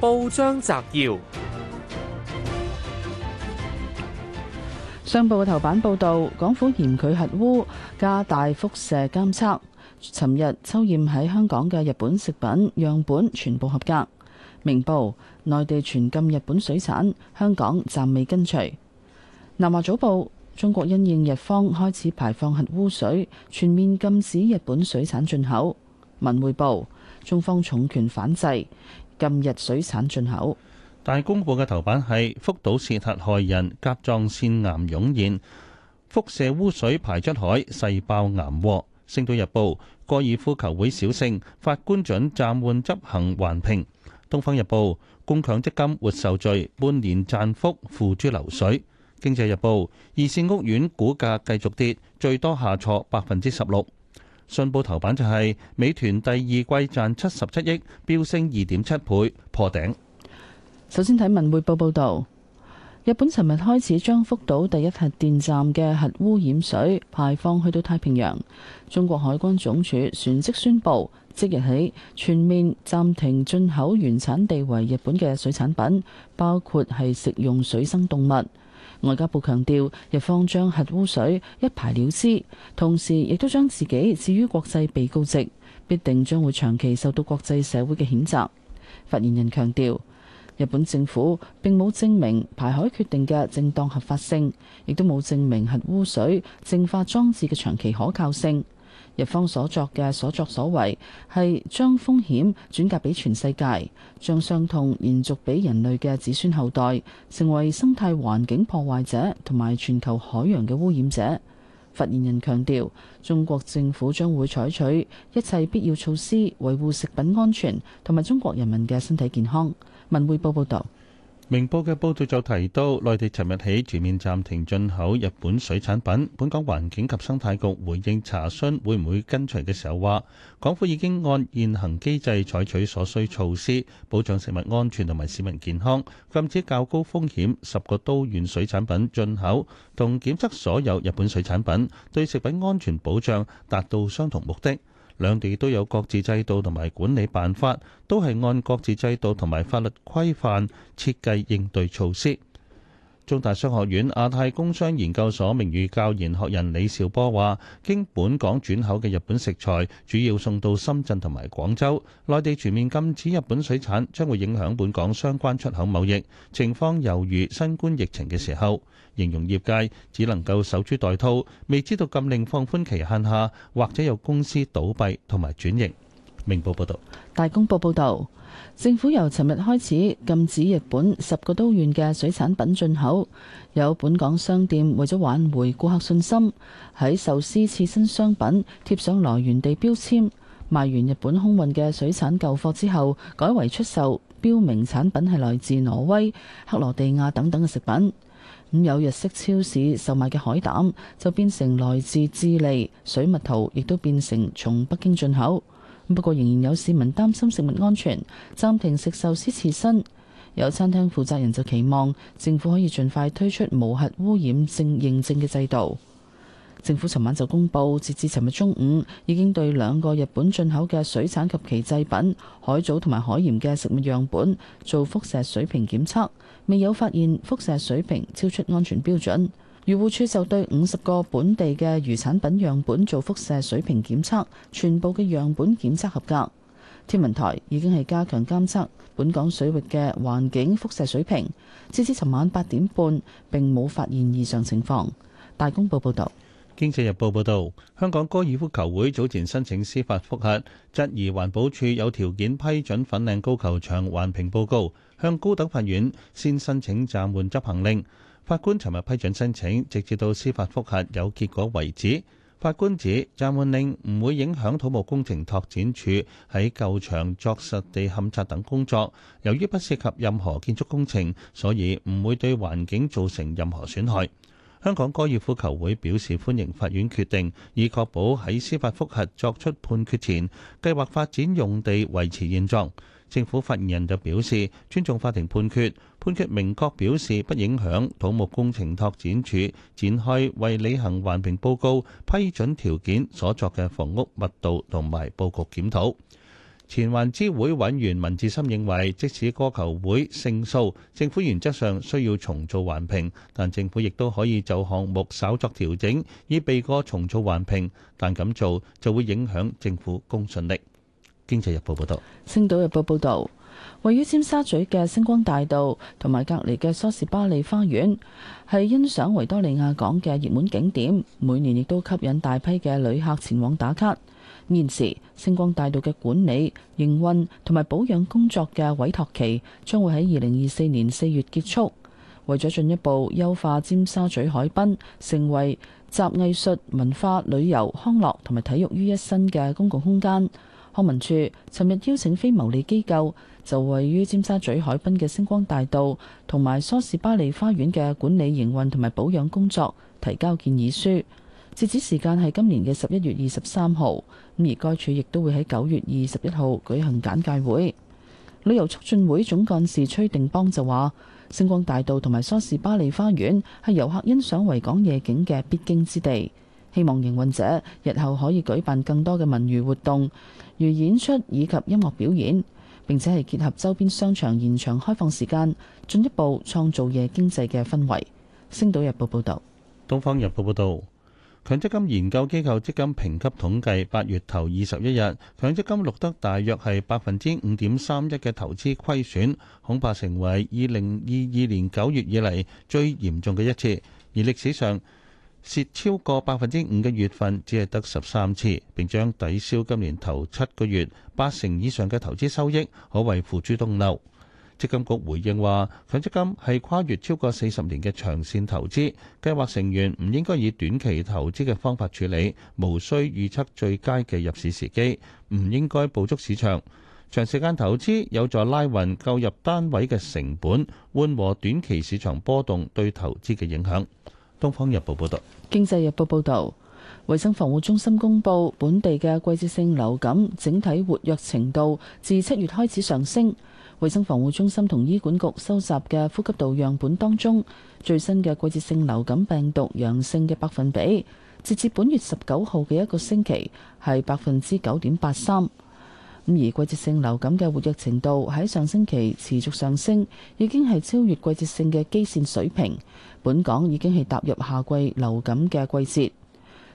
報章摘要：商報嘅頭版報道，港府嚴拒核污，加大輻射監測。尋日抽驗喺香港嘅日本食品樣本全部合格。明報：內地全禁日本水產，香港暫未跟隨。南華早報：中國因應日方開始排放核污水，全面禁止日本水產進口。文匯報：中方重拳反制。禁日水產進口。大公報嘅頭版係福島涉核害人，甲狀腺癌湧現；輻射污水排出海，細胞癌禍。星島日報，高爾夫球會小勝，法官准暫緩執行環評。東方日報，工強積金活受罪，半年賺幅付諸流水。經濟日報，二線屋苑股價繼續跌，最多下挫百分之十六。信報頭版就係美團第二季賺七十七億，飆升二點七倍，破頂。首先睇文匯報報道，日本尋日開始將福島第一核電站嘅核污染水排放去到太平洋。中國海關總署隨即宣布，即日起全面暫停進口原產地為日本嘅水產品，包括係食用水生動物。外交部強調，日方將核污水一排了之，同時亦都將自己置於國際被告席，必定將會長期受到國際社會嘅譴責。發言人強調，日本政府並冇證明排海決定嘅正當合法性，亦都冇證明核污水淨化裝置嘅長期可靠性。日方所作嘅所作所為，係將風險轉嫁俾全世界，將傷痛延續俾人類嘅子孫後代，成為生態環境破壞者同埋全球海洋嘅污染者。發言人強調，中國政府將會採取一切必要措施，維護食品安全同埋中國人民嘅身體健康。文匯報報道。明報嘅報道就提到，內地尋日起全面暫停進口日本水產品。本港環境及生態局回應查詢，會唔會跟隨嘅時候話，港府已經按現行機制採取所需措施，保障食物安全同埋市民健康，禁止較高風險十個都縣水產品進口，同檢測所有日本水產品，對食品安全保障達到相同目的。兩地都有各自制度同埋管理辦法，都係按各自制度同埋法律規範設計應對措施。中大商學院亞太工商研究所名譽教研學人李兆波話，經本港轉口嘅日本食材主要送到深圳同埋廣州，內地全面禁止日本水產將會影響本港相關出口貿易情況，猶如新冠疫情嘅時候，形容業界只能夠守株待兔，未知道禁令放寬期限下，或者有公司倒閉同埋轉型。明報報導，大公報報導，政府由尋日開始禁止日本十個都縣嘅水產品進口。有本港商店為咗挽回顧客信心，喺壽司、刺身商品貼上來源地標籤，賣完日本空運嘅水產舊貨之後，改為出售標明產品係來自挪威、克羅地亞等等嘅食品。咁有日式超市售賣嘅海膽就變成來自智利，水蜜桃亦都變成從北京進口。不過仍然有市民擔心食物安全，暫停食壽司刺身。有餐廳負責人就期望政府可以盡快推出無核污染性認證嘅制度。政府尋晚就公布，截至尋日中午，已經對兩個日本進口嘅水產及其製品、海藻同埋海鹽嘅食物樣本做輻射水平檢測，未有發現輻射水平超出安全標準。漁護署就對五十個本地嘅魚產品樣本做輻射水平檢測，全部嘅樣本檢測合格。天文台已經係加強監測本港水域嘅環境輻射水平，截至尋晚八點半，並冇發現異常情況。大公報報道。《經濟日報》報道，香港哥爾夫球會早前申請司法複核，質疑環保署有條件批准粉嶺高球場環評報告，向高等法院先申請暫緩執行令。法官尋日批准申請，直至到司法覆核有結果為止。法官指暫緩令唔會影響土木工程拓展署喺舊場作實地勘察等工作，由於不涉及任何建築工程，所以唔會對環境造成任何損害。香港高爾夫球會表示歡迎法院決定，以確保喺司法覆核作出判決前，計劃發展用地維持現狀。政府發言人就表示，尊重法庭判決，判決明確表示不影響土木工程拓展署展開為履行環評報告批准條件所作嘅房屋密度同埋佈局檢討。前環諮會委員文志深認為，即使哥球會勝訴，政府原則上需要重做環評，但政府亦都可以就項目稍作調整，以避過重做環評，但咁做就會影響政府公信力。《經濟日報，報道》報導，《星島日報》報導，位於尖沙咀嘅星光大道同埋隔離嘅梳士巴利花園係欣賞維多利亞港嘅熱門景點，每年亦都吸引大批嘅旅客前往打卡。現時星光大道嘅管理、營運同埋保養工作嘅委託期將會喺二零二四年四月結束。為咗進一步優化尖沙咀海濱，成為集藝術、文化、旅遊、康樂同埋體育於一身嘅公共空間。康文署尋日邀請非牟利機構就位於尖沙咀海濱嘅星光大道同埋梳士巴利花園嘅管理、營運同埋保養工作提交建議書。截止時間係今年嘅十一月二十三號。咁而該處亦都會喺九月二十一號舉行簡介會。旅遊促進會總幹事崔定邦就話：星光大道同埋梳士巴利花園係遊客欣賞維港夜景嘅必經之地。希望營運者日後可以舉辦更多嘅文娛活動，如演出以及音樂表演，並且係結合周邊商場現場開放時間，進一步創造夜經濟嘅氛圍。《星島日報》報道。《東方日報》報道，強積金研究機構積金評級統計，八月頭二十一日，強積金錄得大約係百分之五點三一嘅投資虧損，恐怕成為二零二二年九月以嚟最嚴重嘅一次，而歷史上，蝕超過百分之五嘅月份只係得十三次，並將抵消今年頭七個月八成以上嘅投資收益，可謂付諸東流。積金局回應話：強積金係跨越超過四十年嘅長線投資，計劃成員唔應該以短期投資嘅方法處理，無需預測最佳嘅入市時機，唔應該捕捉市場。長時間投資有助拉勻購入單位嘅成本，緩和短期市場波動對投資嘅影響。《東方日報》報導，《經濟日報》報導，衛生防護中心公布本地嘅季節性流感整體活躍程度自七月開始上升。衛生防護中心同醫管局收集嘅呼吸道樣本當中，最新嘅季節性流感病毒陽性嘅百分比，截至本月十九號嘅一個星期係百分之九點八三。咁而季節性流感嘅活躍程度喺上星期持續上升，已經係超越季節性嘅基線水平。本港已經係踏入夏季流感嘅季節。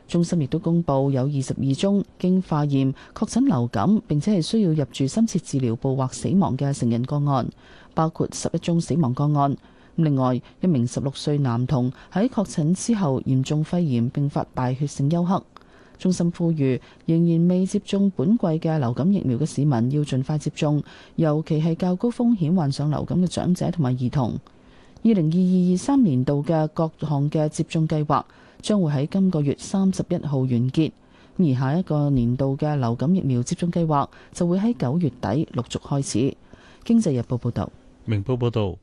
中心亦都公布有二十二宗經化驗確診流感，並且係需要入住深切治療部或死亡嘅成人個案，包括十一宗死亡個案。另外，一名十六歲男童喺確診之後嚴重肺炎，並發敗血性休克。中心呼籲，仍然未接種本季嘅流感疫苗嘅市民要盡快接種，尤其係較高風險患上流感嘅長者同埋兒童。二零二二二三年度嘅各項嘅接種計劃將會喺今個月三十一號完結，而下一個年度嘅流感疫苗接種計劃就會喺九月底陸續開始。經濟日報報道，明報報道。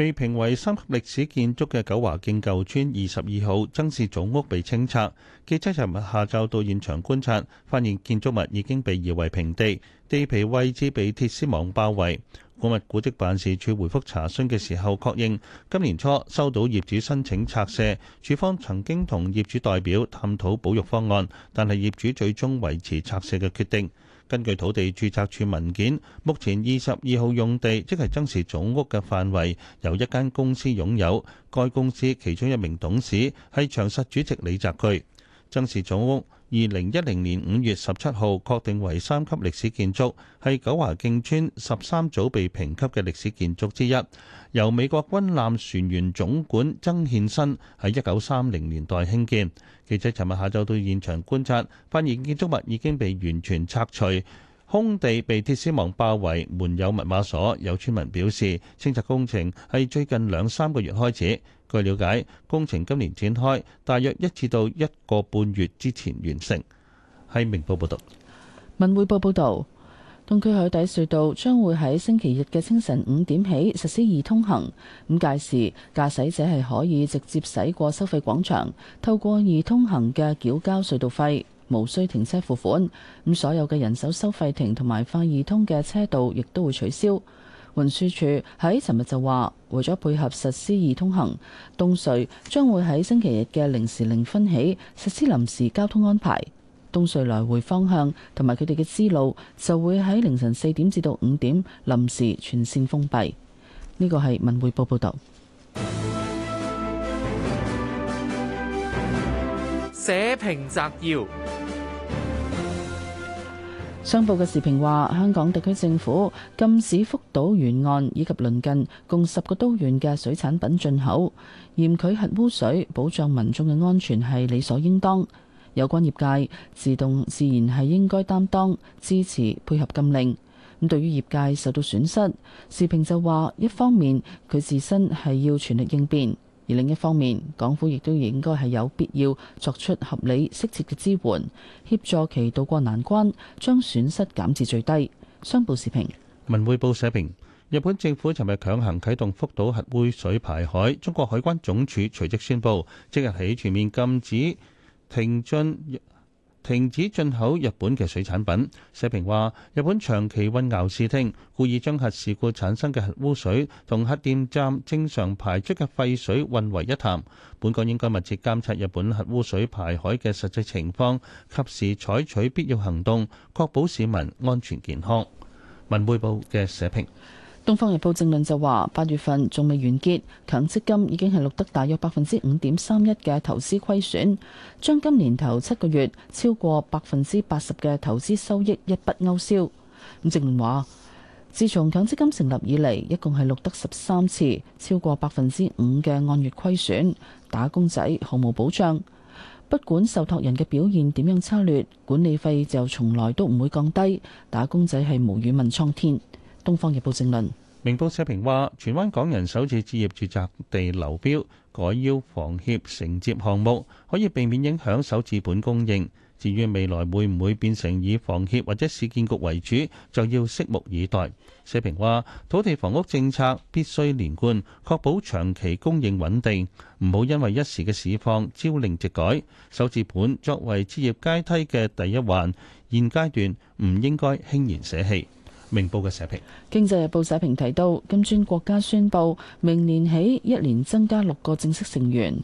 被評為三級歷史建築嘅九華徑舊村二十二號曾氏祖屋被清拆。記者尋日下晝到現場觀察，發現建築物已經被夷為平地，地皮位置被鐵絲網包圍。古物古蹟辦事處回覆查詢嘅時候確認，今年初收到業主申請拆卸，處方曾經同業主代表探討保育方案，但係業主最終維持拆卸嘅決定。根據土地註冊處文件，目前二十二號用地即係曾氏祖屋嘅範圍，由一間公司擁有。該公司其中一名董事係長實主席李澤鉅，曾氏祖屋，二零一零年五月十七號確定為三級歷史建築，係九華徑村十三組被評級嘅歷史建築之一。由美國軍艦船員總管曾獻生，喺一九三零年代興建。記者尋日下晝到現場觀察，發現建築物已經被完全拆除。空地被鐵絲網包圍，門有密碼鎖。有村民表示，清拆工程係最近兩三個月開始。據了解，工程今年展開，大約一次到一個半月之前完成。喺《明報》報道。文匯報報道，東區海底隧道將會喺星期日嘅清晨五點起實施易通行。咁屆時駕駛者係可以直接駛過收費廣場，透過易通行嘅繳交隧道費。毋需停車付款咁，所有嘅人手收費亭同埋快易通嘅車道亦都會取消。運輸署喺尋日就話，為咗配合實施易通行，東隧將會喺星期日嘅零時零分起實施臨時交通安排。東隧來回方向同埋佢哋嘅支路就會喺凌晨四點至到五點臨時全線封閉。呢個係文匯報報導。報章摘要。商報嘅時評話：香港特區政府禁止福島沿岸以及鄰近共十個都縣嘅水產品進口，嚴拒核污水，保障民眾嘅安全係理所應當。有關業界自動自然係應該擔當支持配合禁令。咁對於業界受到損失，時評就話：一方面佢自身係要全力應變。而另一方面，港府亦都應該係有必要作出合理適切嘅支援，協助其渡過難關，將損失減至最低。商報時評。文匯報社評，日本政府尋日強行啟動福島核污水排海，中國海關總署隨即宣布，即日起全面禁止停進。停止進口日本嘅水產品。社評話：日本長期混淆視聽，故意將核事故產生嘅核污水同核電站正常排出嘅廢水混為一談。本港應該密切監測日本核污水排海嘅實際情況，及時採取必要行動，確保市民安全健康。文匯報嘅社評。《東方日報》正論就話，八月份仲未完結，強積金已經係錄得大約百分之五點三一嘅投資虧損，將今年頭七個月超過百分之八十嘅投資收益一筆勾銷。咁正論話，自從強積金成立以嚟，一共係錄得十三次超過百分之五嘅按月虧損，打工仔毫無保障。不管受託人嘅表現點樣差劣，管理費就從來都唔會降低，打工仔係無語問蒼天。《東方日報》正論。《明報》社評話，荃灣港人首次置業住宅地流標改邀房協承接項目，可以避免影響首置盤供應。至於未來會唔會變成以房協或者市建局為主，就要拭目以待。社評話：土地房屋政策必須連貫，確保長期供應穩定，唔好因為一時嘅市況朝令夕改。首置盤作為置業階梯嘅第一環，現階段唔應該輕言捨棄。明報嘅社評。《經濟日報》社評提到，金磚國家宣布明年起一年增加六個正式成員。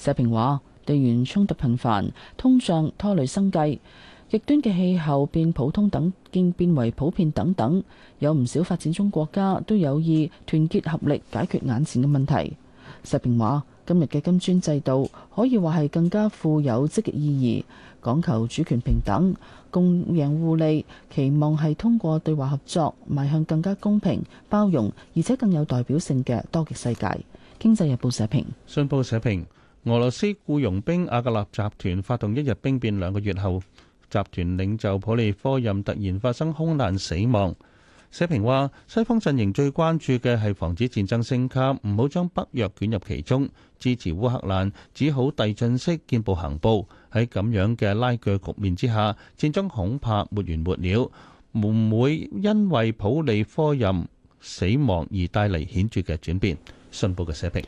社評話，地緣衝突頻繁，通脹拖累生計，極端嘅氣候變普通等，見變為普遍等等，有唔少發展中國家都有意團結合力解決眼前嘅問題。社評話。今日嘅金磚制度可以話係更加富有積極意義，講求主權平等、共贏互利，期望係通過對話合作，邁向更加公平、包容，而且更有代表性嘅多極世界。經濟日報社評。信報社評，俄羅斯僱傭兵阿格納集團發動一日兵變兩個月後，集團領袖普利科任突然發生空難死亡。社評話：西方陣營最關注嘅係防止戰爭升級，唔好將北約捲入其中，支持烏克蘭只好遞進式見步行步。喺咁樣嘅拉鋸局面之下，戰爭恐怕沒完沒了，唔會,會因為普利科任死亡而帶嚟顯著嘅轉變。信報嘅社評。